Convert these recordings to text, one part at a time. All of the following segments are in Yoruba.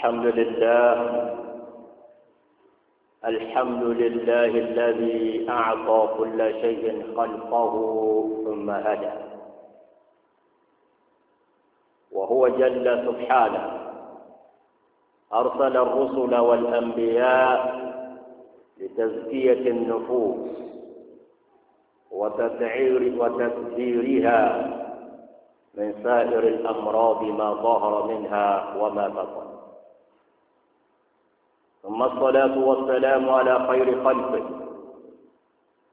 الحمد لله الحمد لله الذي أعطى كل شيء خلقه ثم هدى وهو جل سبحانه أرسل الرسل والأنبياء لتزكية النفوس وتسعير وتسديرها من سائر الأمراض ما ظهر منها وما بطن ثم الصلاة والسلام على خير خلقه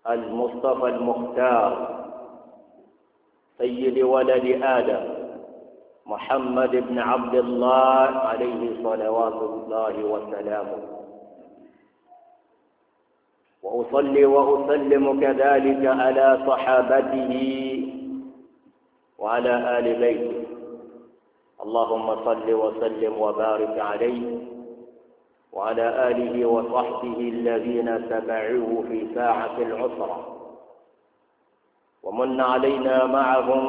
المصطفى المختار سيد ولد آدم محمد بن عبد الله عليه صلوات الله وسلامه وأصلي وأسلم كذلك على صحابته وعلى آل بيته اللهم صل وسلم وبارك عليه وعلى آله وصحبه الذين تبعوه في ساعة العسرة ومن علينا معهم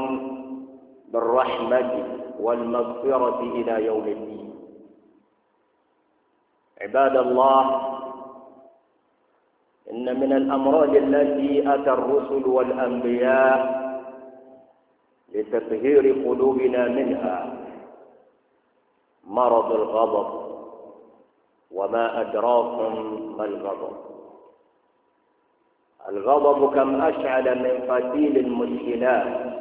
بالرحمة والمغفرة إلى يوم الدين عباد الله إن من الأمراض التي أتى الرسل والأنبياء لتطهير قلوبنا منها مرض الغضب وما أدراكم ما الغضب الغضب كم أشعل من قتيل المشكلات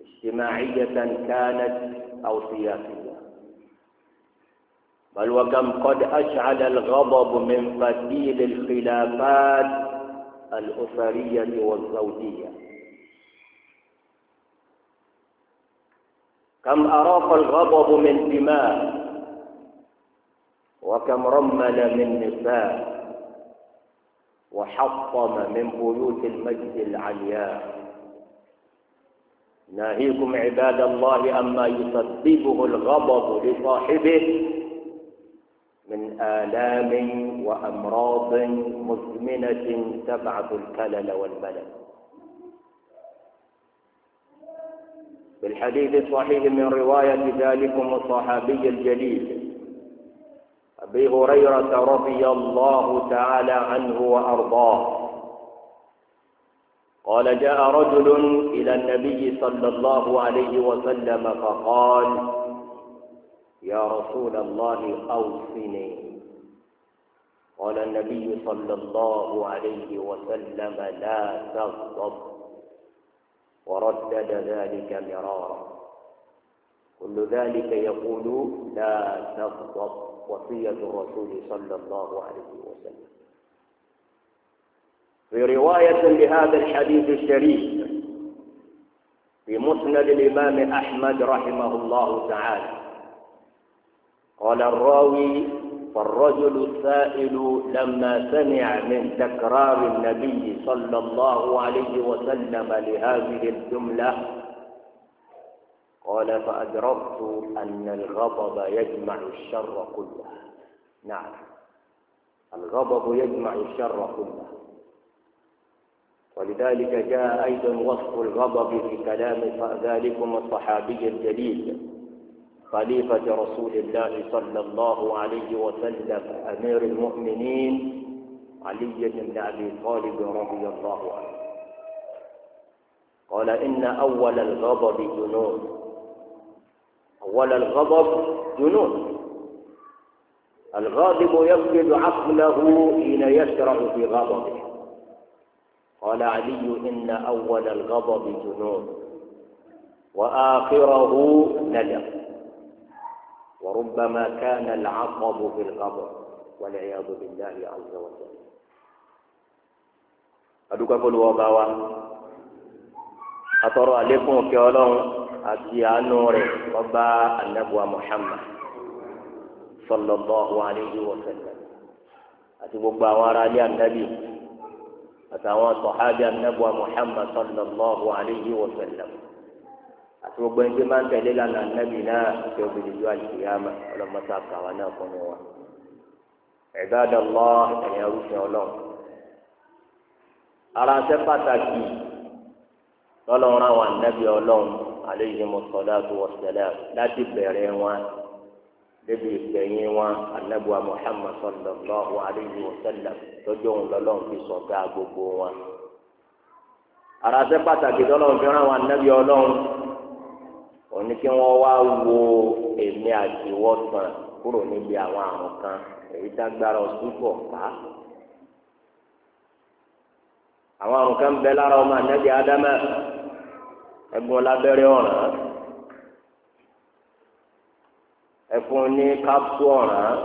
اجتماعية كانت أو سياسية بل وكم قد أشعل الغضب من قتيل الخلافات الأسرية والزوجية كم أراق الغضب من دماء وكم رمل من نساء وحطم من بيوت المجد العلياء ناهيكم عباد الله أما يسببه الغضب لصاحبه من آلام وأمراض مزمنة تبعث الكلل والملل بالحديث الصحيح من رواية ذلكم الصحابي الجليل أبي هريرة رضي الله تعالى عنه وأرضاه قال جاء رجل إلى النبي صلى الله عليه وسلم فقال يا رسول الله أوصني قال النبي صلى الله عليه وسلم لا تغضب وردد ذلك مرارا كل ذلك يقول لا تغضب وصية الرسول صلى الله عليه وسلم في رواية لهذا الحديث الشريف في مسند الإمام أحمد رحمه الله تعالى قال الراوي فالرجل السائل لما سمع من تكرار النبي صلى الله عليه وسلم لهذه الجملة قال فأدركت أن الغضب يجمع الشر كله نعم الغضب يجمع الشر كله ولذلك جاء أيضا وصف الغضب في كلام ذلكم الصحابي الجليل خليفة رسول الله صلى الله عليه وسلم أمير المؤمنين علي بن أبي طالب رضي الله عنه قال إن أول الغضب جنود ولا الغضب جنون الغاضب يفقد عقله حين يشرع في غضبه قال علي إن أول الغضب جنون وآخره ندم وربما كان العصب في الغضب والعياذ بالله عز وجل أدوك أقول وباوة أترى عليكم في àti àánú rẹ̀ ọba anabuwa muhammad sallallahu alayhi wa sallam àti gbogbo àwọn ará ilé anabi àtàwọn sọ̀hábì anabuwa muhammad sallallahu alayhi wa sallam àti gbogbo ẹni tí máa ń tẹ̀lé lánàá anabi náà ṣe obìnrin ju àlùkìyàmà ọlọ́mọta kàwá náà fún mi wá. ibadallah ẹ̀yà rúfin ọlọ́run ara pàtàkì lọ́lọ́run àwọn anabi ọlọ́run. alayhimu salatu wa salam láti bẹ̀rẹ̀ wọn débi ìgbẹ̀yìn wọn anabuwa muhammad sallallahu alayhi wa sallam lójú òun lọ́lọ́run fi sọ̀gá gbogbo wọn. àràṣẹ pàtàkì lọ́lọ́run fi wọn anabi ọlọ́run òní kí wọ́n wá wo èmi àtiwọ́ tán kúrò níbi àwọn àrùn kan èyí dágbára ká àwọn àrùn kan bẹ lára adama. ẹgbọn lábẹ́rẹ́ ọ̀ràn ẹfun ní kápsù ọ̀ràn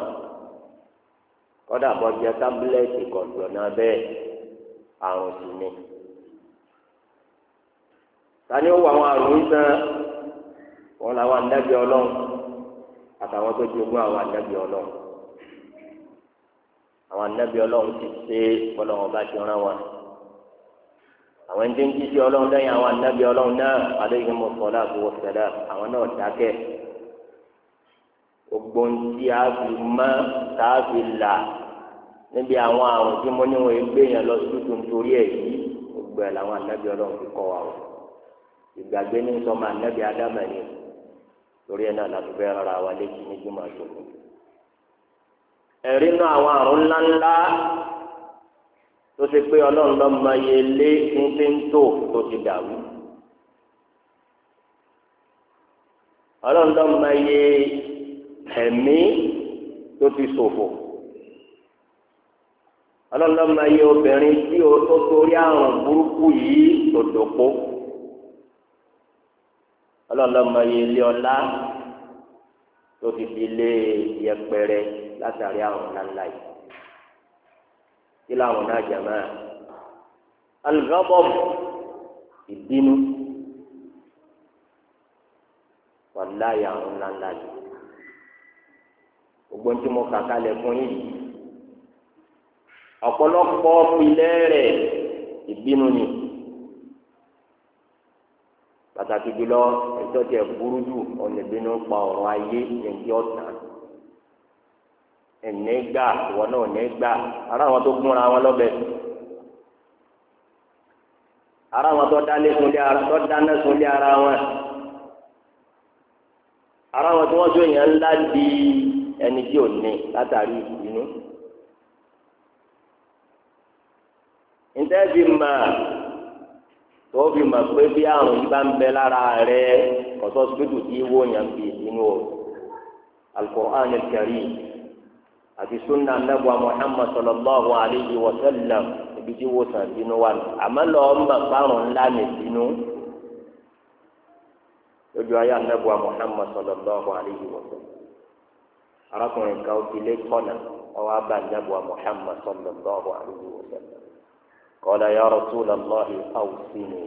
kódà bọjá tábìlẹtì kọjọ náà bẹ́ẹ̀ àrùn sì ni tani ó wọ àwọn àrùn yìí tán wọn làwọn àdábì Ọlọ́run àtàwọn tó jogún àwọn àdábì Ọlọ́run àwọn àdábì Ọlọ́run ti ṣe bọlọwọn bá ti rán wọn àwọn ẹni tó ń jíjí ọlọ́run lẹ́yìn àwọn anábì ọlọ́run náà alayhi salatu wa salam àwọn náà dákẹ́ gbogbo ń tí a fi mọ́ tá a fi là níbi àwọn àrùn tí mo ní wọn gbé yẹn lọ sí tuntun torí ẹ̀ yìí gbogbo ẹ̀ làwọn anábì ọlọ́run fi kọ́ wa o ìgbàgbé ní sọmọ anábì adama ni torí ẹ̀ náà láti fẹ́ rárá wa létí ní jùmọ̀ àtòkù ẹ̀rí náà àwọn àrùn ńláńlá tó ṣe pé ọlọ́run lọ́ máa yẹ lé ní tó tó ti dàrú. ọlọ́run lọ́ máa yẹ ẹ̀mí tó ti ṣòfò. ọlọ́run lọ́ máa yẹ obìnrin tí ó torí àrùn burúkú yìí tó dòpó. ọlọ́run lọ́ máa yẹ ilé ọlá tó ti fi lé yẹpẹrẹ látàrí àrùn ńláńlá yìí kí làwọn náà jàmá alùpàbọ̀m ìbínú wàláyà àwọn ńláńlá ni gbogbo ní tí mo kà kalẹ̀ fún yìí ọ̀pọ̀lọpọ̀ pilẹ̀ rẹ̀ ìbínú ni pàtàkì jùlọ ẹjọ́ tẹ burú jù ọ̀nà ìbínú pa ọ̀rọ̀ ayé ẹ̀jẹ̀ ọ̀tàn ẹnẹgbà wọn náà ẹnẹgbà ara wọn tó gúnra wọn lọ́bẹ̀ ara wọn tó dálé ara tó dáná sunlé ara wọn ara wọn tí wọn tó yẹn ńlá di ẹni tí ò ní látàrí ìbínú. ntẹ́bi mà tó fi mà pé bí àrùn yìí bá ń bẹ o àti sunna anabu muhammad sallallahu alayhi wa sallam ibi tí wò sàn sínú wa àmọ́ lọ́ọ́ mọ̀ fáwọn ńlá mi sínú lójú ayé anabu muhammad sallallahu alayhi wa sallam arákùnrin kan fi lé kọ́nà ọwọ́ abá anabu muhammad sallallahu alayhi wa sallam kọ́lá ya rasulallah awsini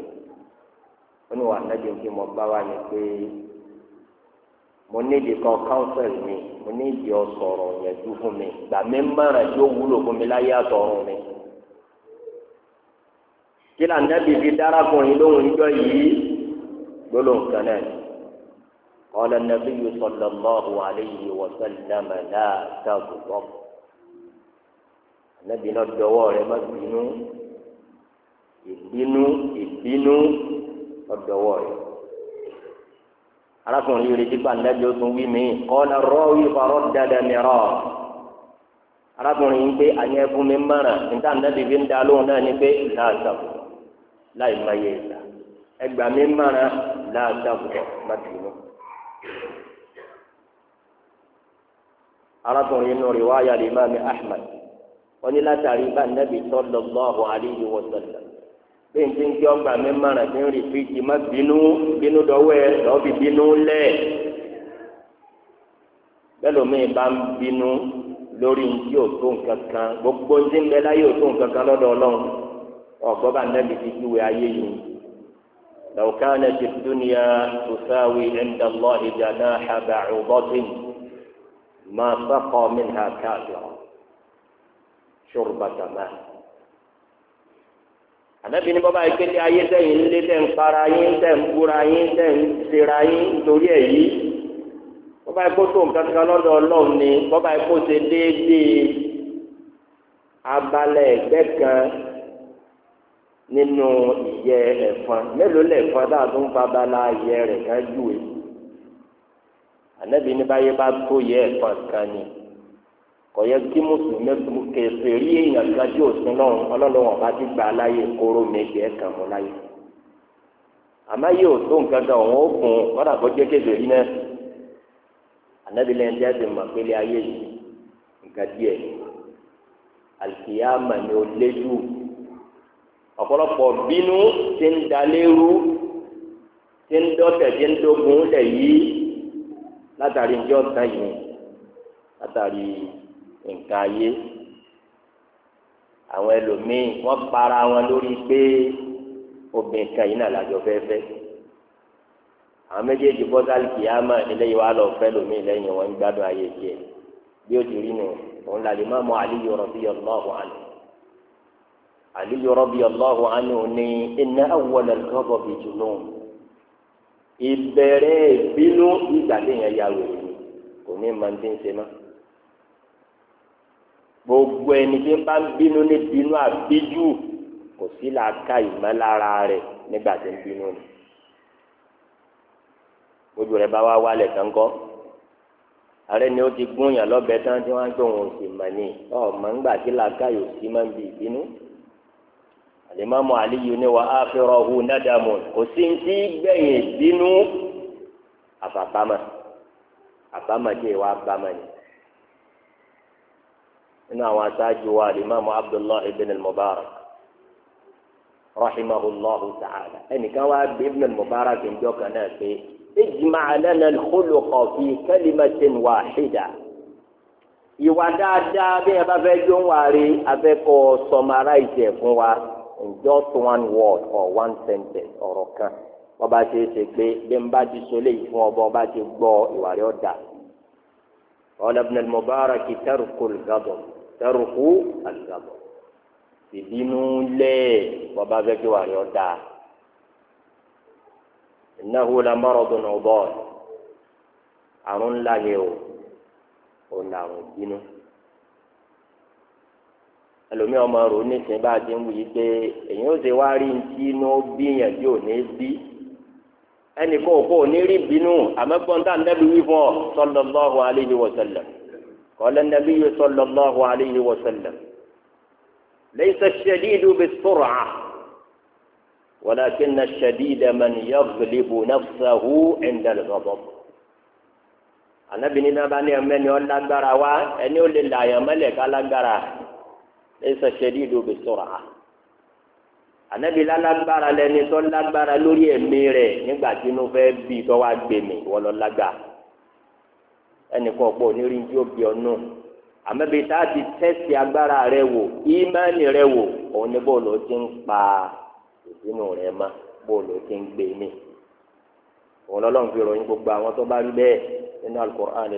ó ní wà nábì kí mo bá wa ní pé mo nídìí kan counsel mi mo nídìí ọ̀sọ̀rọ̀ yẹjú fún mi gbà mí mọ̀ràn tí wúlò fún mi láyé àtọ̀run mi. kí là nẹ́bí fi dárákùnrin lóhùn ìjọ yìí gbólóhùn kan náà ni. قال النبي صلى الله عليه وسلم لا تغضب النبي ندوى ما بينو ìbínú ìbínú ọdọwọ rẹ arákùnrin yìí retí pa ńdájọ ó tún wí mí kọ́lá rọ́ọ̀wì farọ́ dada mìíràn arákùnrin yìí pé àní ẹfun mi mọ̀ràn níta ńdájọ fi ń da lóhùn náà ni pé láàtàkù láì má yẹ ìlà ẹgbà mi mọ̀ràn láàtàkù má dùnú. arákùnrin inú rẹ̀ wáyà lè má mi Ahmad wọ́n ní látàrí bá ńdájọ sallallahu alayhi wa sallam bẹ́ẹ̀ni ń jẹ́ ọgbà mẹ́màrà tí ń rí fíjì má bínú bínú dọ́wọ́ ẹ lọ́ọ́bì bínú lẹ̀ bẹ́lòmíì bá ń bínú lórí ntí ò tó nǹkan kan gbogbo ntí ń bẹ láyé ò tó nǹkan kan lọ́dọ̀ ọlọ́run ọ̀gbọ́n bá nẹ́bi ti júwe ayé yìí law kanat ad-dunya tusawi 'inda Allahi janaha ba'udatin ma saqa minha kafirun shurbata ànábì ní bọ́bá ìkéde ayé sẹ́yìn ńlé tẹ̀ ń para yín tẹ̀ ń búra yín tẹ̀ ń sera yín nítorí ẹ̀ yìí bọ́bá ikó tó nǹkan kan lọ́dọ̀ ọlọ́run ni bọ́bá ikó ṣe déédéé abalẹ̀ ẹ̀gbẹ́ kan nínú ìyẹ́ ẹ̀fọn mélòó lẹ̀fọn dáa tó ń fa abala ìyẹ́ rẹ̀ kan jù é ànábì báyé bá tó yẹ ẹ̀fọn kan ni kọ̀yẹ kí mùsùlùmí kèfèrí èèyàn gbajú òsín lọ́run ọlọ́run ọba ti gba aláyè kóró méje ẹ̀ka mọ́ láyè àmọ́ yóò tó nǹkan kan òun ó kùn kọ́dà kó jẹ́ kèfèrí náà anábìlẹ̀ ń dẹ́sẹ̀ mọ̀ pélé ayé yìí nǹkan díẹ̀ àlùkìyàmà ni ó léjú ọ̀pọ̀lọpọ̀ bínú ti ń dalérú ti ń dọ́tẹ̀ ti ń dógun lẹ̀ yìí látàrí ìjọ yìí látàrí nǹkan ayé àwọn ẹlòmíì wọ́n para wọn lórí pé obìnrin kan yìí náà làjọ fẹ́fẹ́ àwọn méjèèjì bọ́sálì kìyàmà eléyìí wà lọ fẹ́ lòmíì lẹ́yìn wọn ń gbádùn ayé tiẹ̀ bí ó ti rí nù òun làlè má mọ àlíyọ rọbí ọlọ́ọ̀hún àná àlíyọ rọbí ọlọ́ọ̀hún àná ní iná àwọlẹ̀ lọ́bọ̀ bìjù nù ìbẹ̀rẹ̀ bínú ìgbàlẹ̀ yẹn yà wèrè kò ní màá ti ń ṣe máa gbogbo ẹni tí ń bá ń bínú ní bínú àbíjú kò sí làákà ìmọ̀lára rẹ̀ nígbà tí ń bínú ni ojú rẹ̀ bá wá wálẹ̀ kankọ́ ààrẹ ni ó ti gún yàn lọ́bẹ̀ tán tí wọ́n á gbé òun sì mà ní ọmọ ńgbà tí làákà yóò sí máa ń bi ìbínú alimami aliyu ni wa afirahu nadamu kò sí ti gbẹ̀yìn ìbínú àfàbámà àbámà tí ìwà àbámà yìí nínú àwọn aṣáájú wa alimami abdullahi ibn al-mubarak rahimahullahu ta'ala ẹnìkan wá gbé ibn al-mubarak njọ kan náà pé ijma' lana al-khuluqa fi kalimatin wahida ìwà dáadáa bí ẹ bá fẹ́ jó ń wá abẹ́kọ̀ summarize ẹ̀ wa in just one word or one sentence ọ̀rọ̀ kan wọ́n bá ṣe é ṣe pé bí n bá ti sọlé yìí fún ọba ọba ti gbọ́ ìwà rẹ̀ ọ̀dà. ọ̀làbùnà mọ̀bára kìtàrù kò lùgàdọ̀ tẹrùkú àlùgbàbọ ìbínú lẹ bọba fẹ kí wà yọ dáa ìnáwó la mọrọ dùnà bọ àrùn ńlá ni o ò nà àrùn bínú ẹlòmíràn ọmọ rò nísìnyí bá a ti ń wuyi pé èyí ó ṣe wá rí ntí inú bí yẹn tí ò ní bí ẹnì kó o kó o ní rí bínú àmọ́ gbọ́ntàn nẹ́bí wí fún ọ sallallahu alaihi wa sallam. قال النبي صلى الله عليه وسلم ليس الشديد بالسرعة ولكن الشديد من يغلب نفسه عند الغضب أنا بني نباني من يقول لنقرا وأن يقول لله يا ملك لنقرا ليس الشديد بالسرعة أنا بلا نقرا لأن يقول لنقرا لوري ميري نقرا جنوبي بيتو وأجبيني ولو لنقرا ẹnìkan ọ̀pọ̀ onírin tí ó bí ọ nù àmọ́bi tá a ti tẹ́sí agbára rẹ wò ímánì rẹ wò òun ní bọ́ọ̀lù ó ti ń pa ìdínú rẹ mọ́ bọ́ọ̀lù ó ń gbé mi òun lọ́lọ́run fi ròyìn gbogbo àwọn tó bá rí bẹ́ẹ̀ nínú Al-Qur'an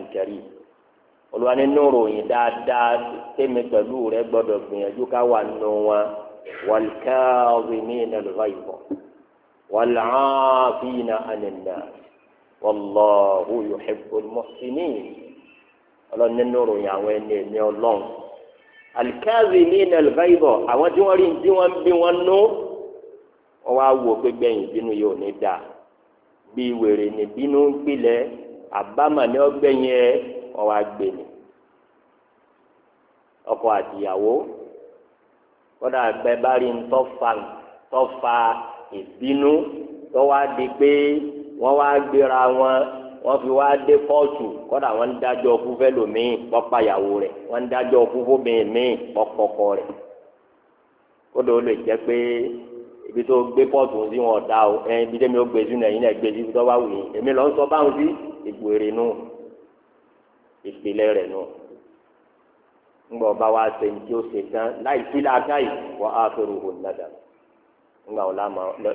al nínú ròyìn dáadáa tẹ́mi pẹ̀lú rẹ gbọ́dọ̀ gbìyànjú ká wà nù wọn wal-kāẓimīna al-ghayẓ wal-'āfīna 'ani n-nās wallahu yuhibbul muhsinin ọlọ́run nínú ròyìn àwọn ẹni ẹ̀mí ọlọ́run al-kaazimina al-ghayza àwọn tí wọ́n rí ní tí wọ́n ń bí wọn nú wọ́n wá wò pé gbẹ̀yìn bínú yóò ní dáa bí wèrè ní bínú ń pilẹ̀ ní ọgbẹ́yìn ẹ wọ́n wá gbé ni ọkọ àtìyàwó kódà gbẹ ń tọ́fà ìbínú tó pé wọ́n wá gbéra wọn wọ́n fi wá dé kóòtù kódà wọ́n ń dájọ́ ọkú fẹ́ lòmíì pọ́páyàwó rẹ̀ wọ́n ń dájọ́ ọkú fóbìnrin míì pọ́pọ́kọ rẹ̀ kódà ó lè jẹ́ pé ibi tó gbé kóòtù sí wọn ọ̀dà o ẹ ibi tẹ́mi ó gbé sínú ẹ̀yìn náà gbé sí ibi tó bá wù yín èmi lọ ń sọ báwọn sí ìgbèrè nù ìpìlẹ̀ rẹ̀ nù ńgbà ọba wa ṣe ní tí ó ṣe tán láì sí làákàyè wọ́n á fẹ́rù hùn nàdà ńgbà ọ̀la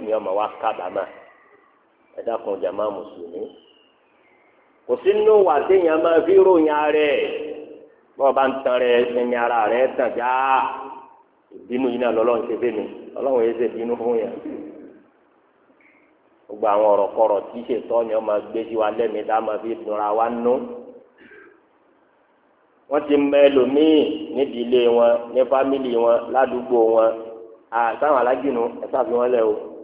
ni ọmọ wa kábàámà ẹ̀dá kan jàmá mùsùlùmí kò sí nínú wà téèyàn máa fi ròyìn ara ẹ̀ bọ́ọ̀ bá ń tan rẹ̀ ẹni ara rẹ̀ tàn já ìbínú yìí náà lọ́lọ́run ṣe bẹ́ẹ̀ mi ọlọ́run yìí ṣe bínú fún yẹn gbogbo àwọn ọ̀rọ̀ kọ̀rọ̀ tí ṣètọ́ ni wọ́n máa gbé sí wa lẹ́mìí tá a máa fi dunra wa nú wọ́n ti mọ ẹlòmíì níbi wọn ní fámìlì wọn ládùúgbò wọn àtàwọn alájìnnú ẹ sáfi wọn lẹ o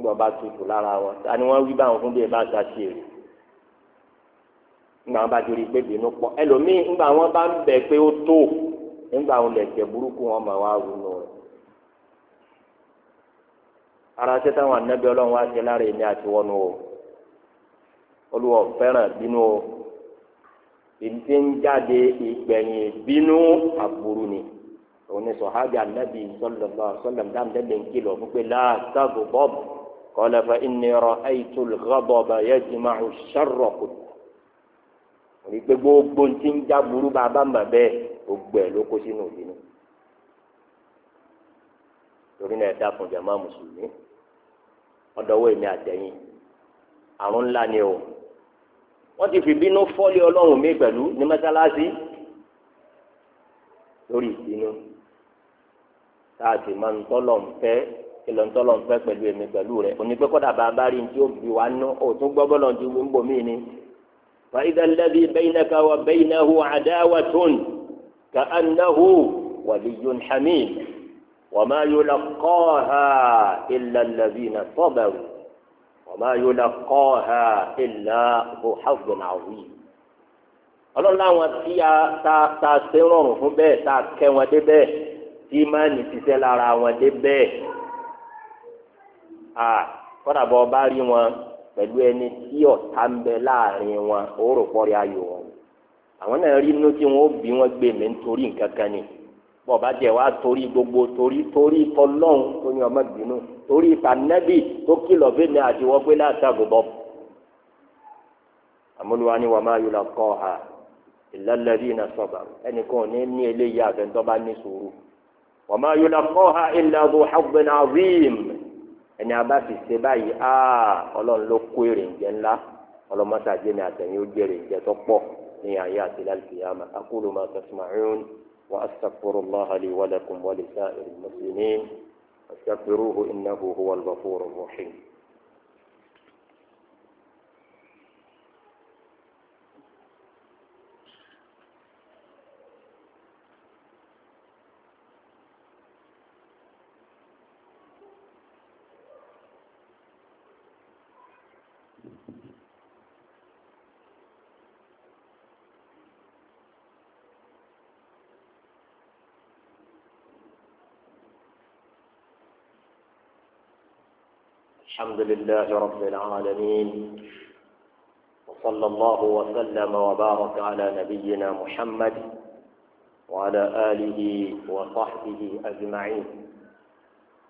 ńgbọ́ bá tutù lára wọn ta ni wọ́n wí báwọn fún bí ẹ bá ta sí èrè ńgbà wọn bá ti rí i pé bínú pọ̀ ẹlòmíì ńgbà wọn bá ń bẹ̀ pé ó tó ńgbà wọn lẹ̀kẹ̀ burúkú wọn mà wá wù nù ara ṣe táwọn anábì ọlọ́run wá ṣe lára èmi àti wọnú o olùwọ fẹ́ràn bínú o ìdí ń jáde ìgbẹ̀yìn bínú àbúrú ni òun ni sọ̀hábì anábì sallallahu alaihi wasallam dáńdẹ́gbẹ̀ ń kìlọ̀ fún pé láàtàgò bọ́ọ̀bù. قال فإني رأيت الغضب يجمع الشر كله wípé gbogbo ti ń já burú bàbá mà bẹ́ẹ̀ gbogbo ẹ̀ ló kó sínú ìbínú torí náà ẹ̀dá fún jàmá mùsùlùmí ọ̀dọ́wọ́ èmi àtẹ̀yìn àrùn ńlá ni o wọ́n ti fi bínú fọ́lé ọlọ́run mi pẹ̀lú ní mẹ́sálásí lórí ìbínú tá a sì máa ń tọ́lọ̀ ń fẹ́ kìlọ̀ ńtọ́lọ̀ ń fẹ́ pẹ̀lú èmi pẹ̀lú rẹ̀ òní pé kọ́dà bàbá rí ti òbí wa nú òtún gbọ́ bọ́lọ̀ ti wú ń bò mí ni. fa idha alladhi baynaka wa baynahu adawatun ka annahu waliyyun hamim wa ma yulaqqaha illa alladhina sabaru wa ma yulaqqaha illa dhu hazzin azim. ọlọ́run láwọn tí a ta ṣe rọrùn fún bẹ́ẹ̀ tá kẹ́ wọn dé bẹ́ẹ̀ tí máa nì a kọ́dà bọ́ bá rí wọn pẹ̀lú ẹni tí ọ̀tá ń bẹ láàrin wọn òórò pọ́rí ayò wọn àwọn náà rí inú tí wọn ó bí wọn gbé mi nítorí nǹkan ni bọ́ torí gbogbo torí torí tọ́lọ́hún tó ní ọmọ gbinú torí ìtànẹ́bì tó kìlọ̀ mi àti wọ́n àmúlùwà ni máa yọ lọ ha iná sọ̀bà ẹnìkan ní ní ẹni a bá sì ṣe báyìí aa ọlọ́run ló kó èrè ń jẹ ńlá ọlọ́mọta jẹ́ ní àtẹ̀yìn ó jẹ́ èrè ń jẹ tó pọ̀ ní ayé àti lálùkìyàmà aqulu ma tasma'un wa astaghfirullaha li wa lakum wa lisa'iril muslimin astaghfiruhu innahu huwal ghafurur rahim. الحمد لله رب العالمين وصلى الله وسلم وبارك على نبينا محمد وعلى آله وصحبه أجمعين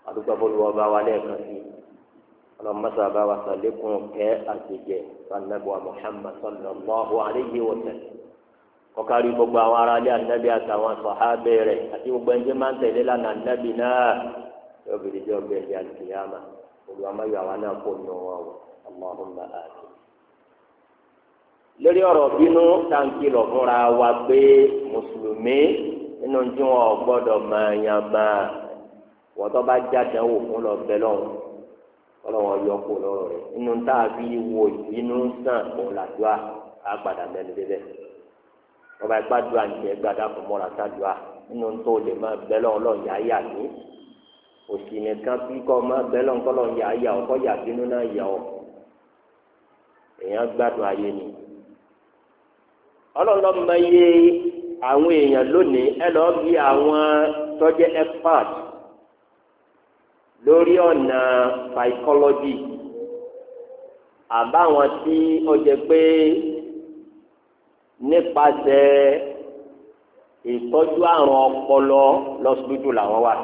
أدوكف الوباء وليك في لما سابا وسلكم كأسجة فالنبوى محمد صلى الله عليه وسلم وكاري بقى ورالي النبي أتوى صحابي ري أتوى بنجمان تيلي النبي نا يوبي لجوبي القيامة olùwàmáyọ àwa náà kò nù wọn o Allahumma àti. lórí ọ̀rọ̀ bínú táǹkì lọ fúnra wa pé mùsùlùmí nínú tí wọn gbọ́dọ̀ máa yàn máa wọ́n tó bá jáde wò fún lọ bẹ́ẹ̀ lọ́wọ́ ọlọ́wọ́ yọ kó lọ́rọ̀ rẹ̀ nínú tá wo ìbínú sàn òun làdúrà á padà mẹ́nu débẹ̀ ọba ìpàdùn àǹtí ẹgbàdà fún mọ́ra sàdùà nínú tó lè máa bẹ́ẹ̀ lọ́wọ́ lọ́ọ̀ òsì nìkan bí kọ́ ọmọ abẹ́lẹ̀ ńkọ́lọ́ ń yà á yà ọ́ kọ́ yà bínú náà yà ọ́ èèyàn gbádùn ayé ni ọlọ́run máa yé àwọn èèyàn lónìí ẹ lọ́ọ́ bí àwọn tọ́jẹ́ expert lórí ọ̀nà psychology àbáwọn tí ó jẹ pé nípasẹ̀ ìtọ́jú àrùn ọpọlọ lọ́sibítù làwọn wà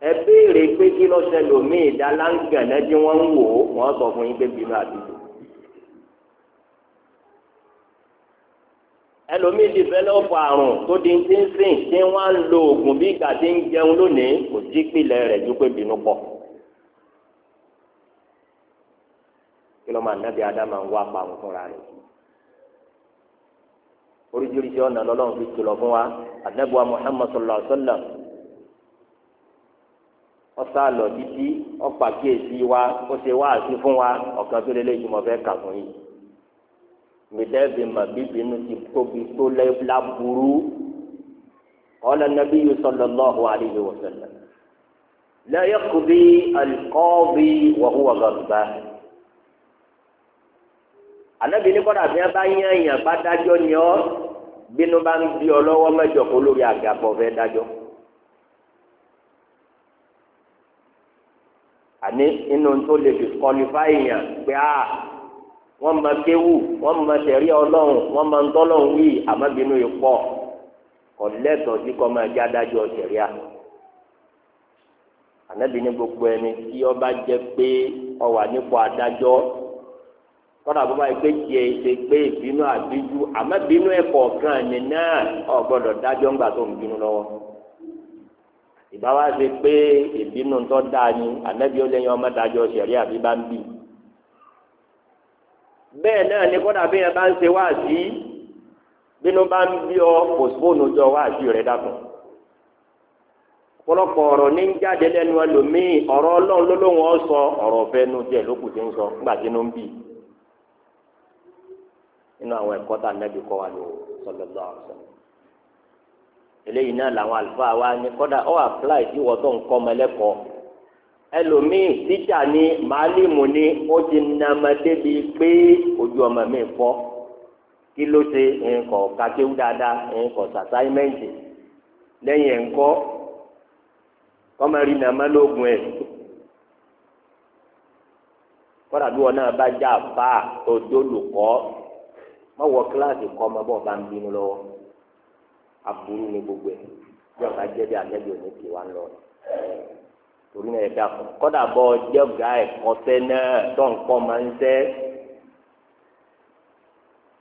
ẹ béèrè pé kí ló ṣẹlẹ̀ omi ìdálángànẹ́ tí wọ́n ń wò ó wọ́n sọ fún yín pé bínú àdúgbò. ẹlòmíì ti fẹ́lẹ́ọ̀pù àrùn tó di ti ń sìn tí wọ́n á lo oògùn bí ìgbà tí ń jẹun lónìí kò sí pìlẹ̀ rẹ̀ ju pé bínú pọ̀. kí ló máa nábì ádámà ń wá pa àwọn fúnra rẹ̀ oríṣiríṣi ọ̀nà lọ́lọ́run fi kìlọ̀ fún wa àdẹ́bùwà Muhammad sallallahu alaihi wa sallam ọsà lọ títí ọ̀pá kíyèsí wa ó ṣe wá àti fún wa ọ̀kan tó lélẹ́yìí mo fẹ́ kà fún yìí gbèdébi mà bíbínú ti tóbi tó lé láburú ọlọ nàbí yìí sallallahu alayhi wa sallam la yaqdi al-qadi wa ní kọ́dà bíi bá yẹn yẹn bá dájọ́ ni ọ́ bínú bá ń bí ọ lọ́wọ́ mẹ́jọ kó lórí àgàbọ̀ fẹ́ dájọ́. àní inú tó lè fi kọlifáì yàn pé a ah, wọ́n máa kéwù wọ́n máa tẹ̀rí ọlọ́run wọ́n máa ń tọ́lọ́run wí àmọ́bínú yìí pọ̀ kọ̀lẹ́tọ̀ tí kò máa jẹ́ adájọ́ tẹ̀rí à. ànábì ní gbogbo ẹni tí ọba jẹ pé ó wà nípò adájọ́ kọ́dà bó bá yẹ pé tiẹ̀ ṣe pé ìbínú àbíjú àmọ́bínú ẹ̀kọ̀ọ̀kan ni náà ó gbọ́dọ̀ dájọ́ ńgbà tó ń bínú lọ́wọ́ ìbá wa ṣe pé ìbínú tó dáa ni ànábi ó lẹ́yìn ọmọ dájọ sẹ̀rí àbí bá ń bì. bẹ́ẹ̀ náà ni kódà bí yẹn bá ń ṣe wá sí bínú bá ń bí ọ pòsípònù jọ wá sí rẹ dákun. ọ̀pọ̀lọpọ̀ ọ̀rọ̀ ní ń jáde lẹ́nu ẹlòmíì ọ̀rọ̀ ọlọ́run ló lóun ọ sọ ọ̀rọ̀ ọ̀fẹ́ nu díẹ̀ ló kù tí ń sọ nígbà tí inú ń bì. nínú àwọn ẹ̀kọ́ tá ànábi kọ́ wa lò sọ̀lọ́lọ́ àwọn sọ̀rọ̀ eléyìí náà làwọn àlùfáà wa ní kọ́dà ọ́ apply sí wọ́n tó ń kọ́ ọmọ ẹlẹ́kọ̀ọ́ ẹlòmíì tíjà ni màálìmù ni ó ti nà má débi pé ojú ọmọ mi fọ́ kí ló ṣe nǹkan kàkéwù dáadáa nǹkan sàtáímẹ́ǹtì lẹ́yìn ẹ̀ńkọ́ kọ́mọ̀rì nà má lóògùn ẹ̀ kọ́dà bí wọn náà bá já àbá òjò lùkọ́ mọ̀wọ́ kíláàsì kọ́ ọmọ bọ́ọ̀ bá ń bínú lọ́wọ́ aburú ni gbogbo ẹ̀ bí ọba jẹ́ bí alẹ́bí òní ti wá lọ torí náà ẹ̀dá kan kọ́dà bọ́ jẹ́gà ẹ̀kọ́ sẹ́ náà tọ́ǹkọ́ máa ń sẹ́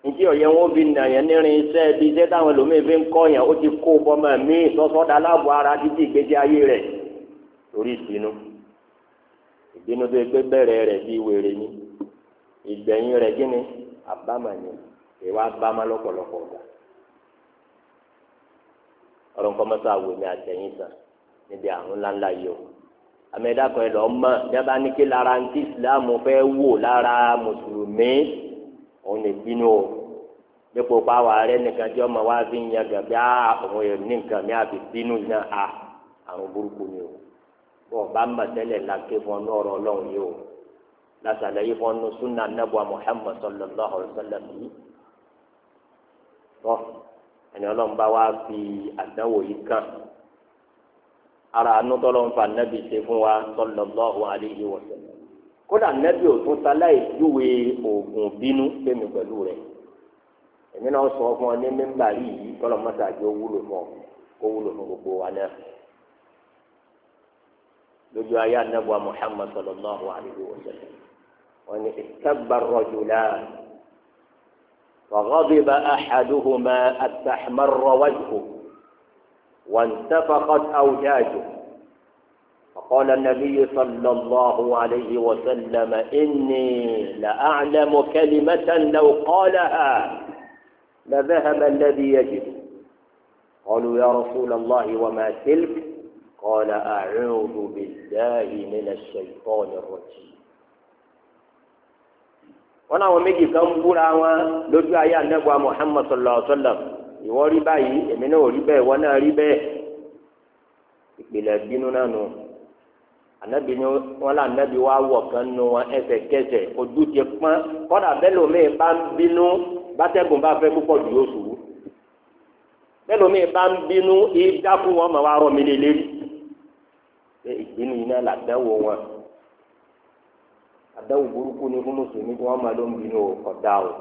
njẹ ọyẹ wọn fi nà yẹn nírin iṣẹ́ ibi iṣẹ́ táwọn ẹlòmíín fi ń kọ yẹn ó ti kó bọmọ mi sọsọdà aláàbọ ara títí ìgbésí ayé rẹ̀ torí ìbínú ìbínú tó gbé bẹ̀rẹ̀ rẹ̀ bí wèrè ni ìgbẹ̀yìn rẹ̀ kí ni àbámọ̀ ni ìwà àbámọ̀ lọ́pọ̀lọpọ̀ ọgbà ọlọ́run kọ́ mọ́tò àwọn èmi àtẹ̀yìn sàn níbi àrùn ńláńlá yìí o amẹ́dàkọ̀ ẹ̀ lọ́ mọ̀ dábàá ní kí lára ń tí ìsìláàmù fẹ́ wò lára mùsùlùmí òun lè bínú o dípò pàwọ́ ààrẹ nìkan tí ọmọ wa fi ń yan gàgbé àà òun yẹn ní nǹkan mi àfi bínú náà à àrùn burúkú ni o bọ́ọ̀ bá mọ̀ tẹ́lẹ̀ la ké fún ọ ọ̀rọ̀ ọlọ́run yìí o lásàlẹ̀ yìí fún ọ Muhammad sallallahu alayhi wa sallam yìí ẹni ọlọ́run bá wá fi àdánwò yìí kàn ara anútọ́lọ́run fa nẹ́bí ṣe fún wa sallallahu alaihi wa sallam kódà nẹ́bí òtún sáláì júwe oògùn bínú fẹ́mi pẹ̀lú rẹ̀ èmi náà sọ fún ọ ní mímbà yìí tọ́lọ̀ mọ́tàdé ó wúlò fún ọ kó wúlò fún gbogbo wa náà lójú ayé anábọ̀ Muhammad sallallahu alaihi wa sallam wọn ni istagbara rajulan. فغضب أحدهما استحمر وجهه وانتفخت أوجاجه فقال النبي صلى الله عليه وسلم إني لأعلم كلمة لو قالها لذهب الذي يجب قالوا يا رسول الله وما تلك قال أعوذ بالله من الشيطان الرجيم wọn làwọn méjì kan ń búra wọn lójú ayé anagba muhammad sallallahu alaihi wa sallam ìwọ rí báyìí èmi náà ò rí bẹ́ẹ̀ wọn náà rí bẹ́ẹ̀ ìpìlẹ̀ bínú náà nù anabi ni wọn là anabi wa wọ kan nù wọn ẹsẹ̀kẹsẹ̀ ojú ti pọ́n kódà bẹlòmíì bá ń bínú bátẹ́gùn bá fẹ́ púpọ̀ jù yóò sùúrù bẹlòmíì bá ń bínú ìdákùn wọn mà wá rọ mi lé lérí ìbínú yìí náà làdánwò wọn àdáwò burúkú ni fún mùsùlùmí tí wọ́n máa ló ń bínú ọ̀dà o.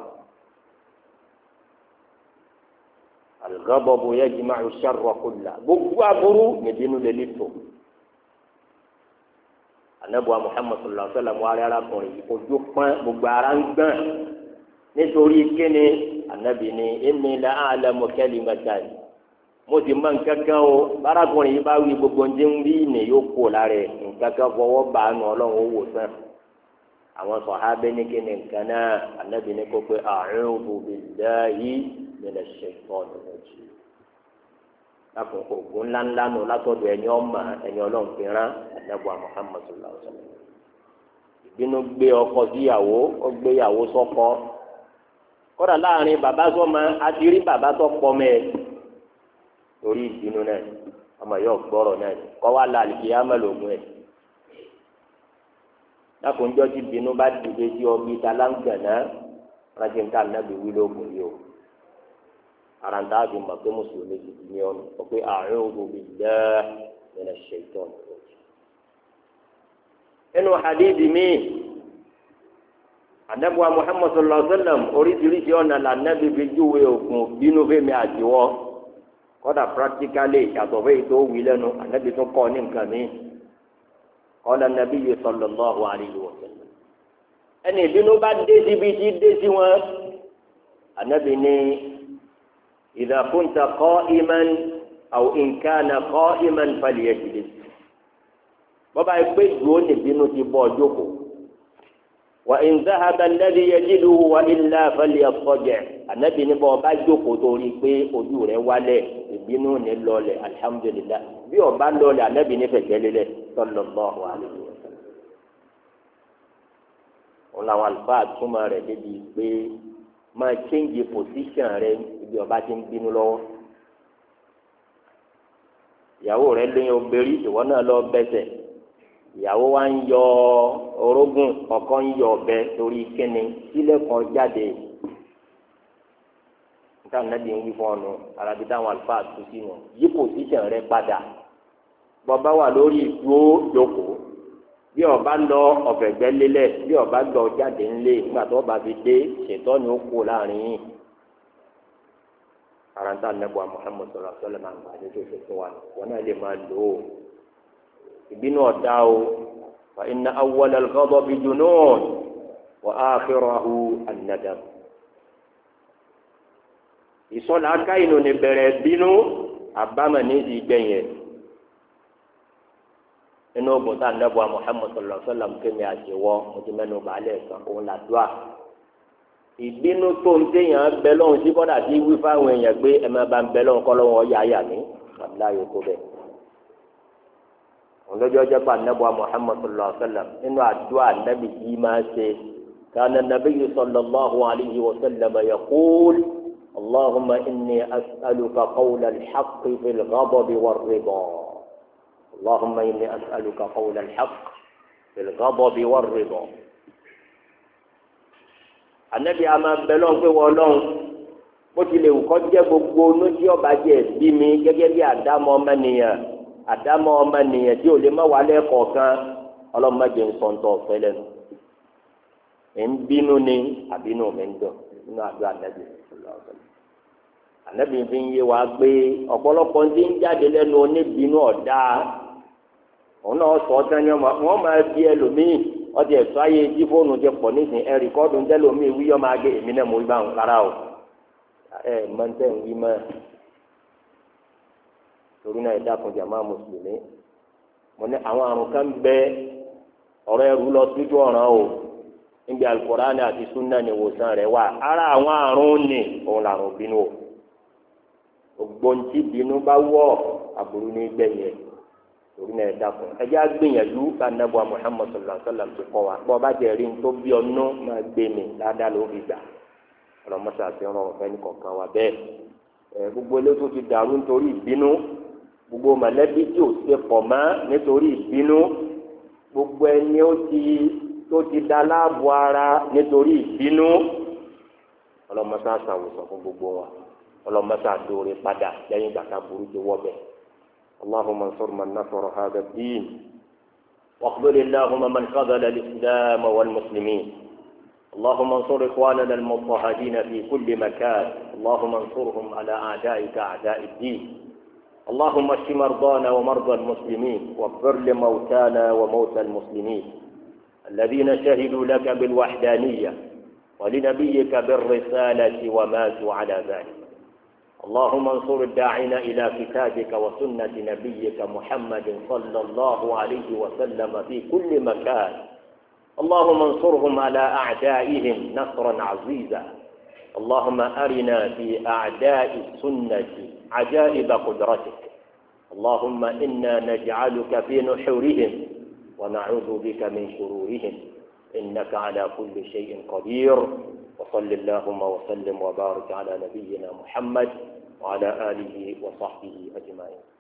al-ghadabu yajma'u sharra kulla gbogbo aburú nìbínú lè lítò. anabuwa muhammad sallallahu alaihi wa sallam wa ara arákùnrin yìí ojú pọ́n gbogbo ara ń gbọ́n nítorí kíni anabi ni inni la a'lamu kalimatan mo sì máa ń o bárakùnrin yìí bá wí gbogbo ń bí ní yóò kó lára ẹ̀ nǹkan fọwọ́ bá a nù ọlọ́run ó wò sàn àwọn sọ̀hábẹ́ ní kí ni nǹkan náà anábì ní kó pé a'udhu billahi minash shaitani rajim. lákùn ògùn ńláńlá nù látọ̀dọ̀ ẹni ọmọ ẹni ọlọ́run fi rán ẹ̀nẹ́gbọ́n Muhammad sallallahu alaihi wasallam. ìbínú gbé ọkọ síyàwó ó gbé yàwó sọ́kọ. kódà láàrin bàbá sọ́mọ àti bàbá tó pọ̀ torí ìbínú náà ọmọ yóò gbọ́rọ̀ náà kọ́ wá la àlìkìyàmẹ́ lògùn ẹ̀ lákòóńjọ́ ti bínú bá dìde sí ọbí ta láǹgànà rántí nǹkan nàbí wí lóògùn yìí o ara ń tá a fi mọ̀ pé mùsùlùmí gidi ní ọ̀nà sọ pé àárín òru mi lẹ́ ẹ̀rẹ́ ṣètò ọ̀nà. nínú hadith mi anabuwa muhammad sallallahu alaihi wa sallam oríṣiríṣi ọ̀nà lànàbí fi júwe ògùn bínú fèmí àdìwọ́ kọ́dà practically yàtọ̀ fẹ́ ètò òwì lẹ́nu anabi tún kọ́ ní nǹkan mìíràn. قال النبي صلى الله عليه وسلم ẹni ìbínú bá dé síbi tí dé sí wọn anabi ní إذا كنت قائما أو إن كان قائما فليجلس bọ́ba ẹgbẹ́ ìdúró níbínú ti bọ́ ọjọ́ kò. وإن ذهب الذي يجده وإلا فليضطجع النبي ní bó bá jókòó torí pé ojú rẹ̀ wálẹ̀ ìbínú ni lọlẹ̀ alhamdulilah bí ó bá lọlẹ̀ Ànábì ní fẹsẹ̀ lélẹ̀ sallallahu alaihi wasallam. wọn làwọn àlùfáà túmọ̀ rẹ̀ débi pé máa change position rẹ̀ ibi ó ti ń bínú lọ́wọ́. ìyàwó rẹ̀ lóyún obìnrin ìwọ náà lọ bẹ́sẹ̀ ìyàwó wa ń yọ orógùn ọkọ ń yọ ọ̀bẹ torí kíni sílẹ̀kùn jáde níta nàbí ń wí fún ọnu alábi táwọn àlùfáà tún sínú yípo sísẹ̀ rẹ padà bọba wà lórí ìdúró jókòó bí ọba lọ ọ̀fẹ̀gbẹ́ lélẹ̀ bí ọba lọ jáde ńlẹ̀ nígbà tó ọba fi dé ṣètọ́ ni ó kú láàrin yìí ara ń tà nàbọ̀ Muhammad sallallahu alaihi wasallam máa ní tó ṣe fún wa wọn náà lè máa lò ó ìbínú ọ̀dá o fa inna awwala al-ghadabi junun wa akhiruhu an-nadam. ìsọ̀lá káyìn ní bẹ̀rẹ̀ bínú àbámọ̀ ní ìgbẹ̀yìn inú ogun tá a nẹ́bọ̀ Muhammad sallallahu alaihi wasallam kémi àṣewọ́ mọ̀tìmẹ́nu bàálẹ̀ kan òun làdúrà ìbínú tó ń téèyàn bẹ lọ́hùn sí bọ́dà tí wí fáwọn èèyàn gbé ẹ máa bá ń bẹ lọ́hùn kọ́ lọ́wọ́ yáyà ní àbúláyò bẹ́ẹ̀ ọlọ́jọ́ jẹ́ pé anabi wa muhammad sallallahu alayhi wa sallam nínú àdúrà anabi yìí máa ṣe kàna nabi yìí sallallahu alayhi wa sallam yaqul allahumma inni as'aluka qawla alḥaqi fi lɣababi wa riba allahumma inni as'aluka qawla alḥaqi fi lɣababi wa riba. anabi a máa bẹ lọ́n pé wọ́n lọ́n bó tilẹ̀ wù kọ́ jẹ́ gbogbo onójú àdámọ́ ọmọ nìyẹn tí ò lè má wà lẹ́kọ̀ọ́ kan ọlọ́mọdé ń sọ̀ǹtọ̀ ọ̀fẹ́ lẹ́nu ẹ̀ ń bínú ni àbínú mi ń dọ̀ nínú àdó ànábì ànábì fi ń yé wa pé ọ̀pọ̀lọpọ̀ ń ti ń jáde lẹ́nu oníbínú ọ̀dá òun náà sọ ọ́ tán ni wọ́n máa ẹlòmíì ọtí ayé fóònù ti pọ̀ torí náà ẹ̀dá kan jàmá mùsùlùmí mo ní àwọn àrùn kan bẹ ọ̀rọ̀ ẹrù lọ dúdú ọ̀ràn o níbi alukoraani àti sunna ni ìwòsàn rẹ wà ara àwọn àrùn ni òun làrùn bínú o ògbóǹtì bínú bá wọ àbúrú ní gbẹ̀yẹ torí náà ẹ̀dá kan ẹjẹ́ agbìyànjú ká nàbọ̀ Muhammad sallallahu alaihi wasallam ti kọ́ wa bọ́ ọba jẹ́ rí ní tó bí ọnú máa gbé mi ládàá ló fi gbà ọ̀rọ̀ mọ́ṣáláṣí ọ̀rọ̀ nìkan kan wà bẹ́ẹ̀ gbogbo eléyìí tó ti dàrú nítorí ìbínú gbogbo mọ̀lẹ́bí tí ò ṣe pọ̀ mọ́ nítorí ìbínú gbogbo ẹni ó ti tó ti da láàbò ara nítorí ìbínú ọlọmọsá ṣàwùsọ fún gbogbo wa ọlọmọsá dóore padà lẹ́yìn gbàtà burú ti wọbẹ اللهم انصر من نصر هذا الدين واقبل اللهم من خذل الاسلام اللهم انصر اخواننا المضطهدين في كل مكان اللهم انصرهم على اعدائك اعداء الدين اللهم اشف مرضانا ومرضى المسلمين واغفر لموتانا وموتى المسلمين الذين شهدوا لك بالوحدانية ولنبيك بالرسالة وماتوا على ذلك اللهم انصر الداعين إلى كتابك وسنة نبيك محمد صلى الله عليه وسلم في كل مكان اللهم انصرهم على أعدائهم نصرا عزيزا اللهم أرنا في أعداء السنة عجائب قدرتك اللهم إنا نجعلك في نحورهم ونعوذ بك من شرورهم إنك على كل شيء قدير وصل اللهم وسلم وبارك على نبينا محمد وعلى آله وصحبه أجمعين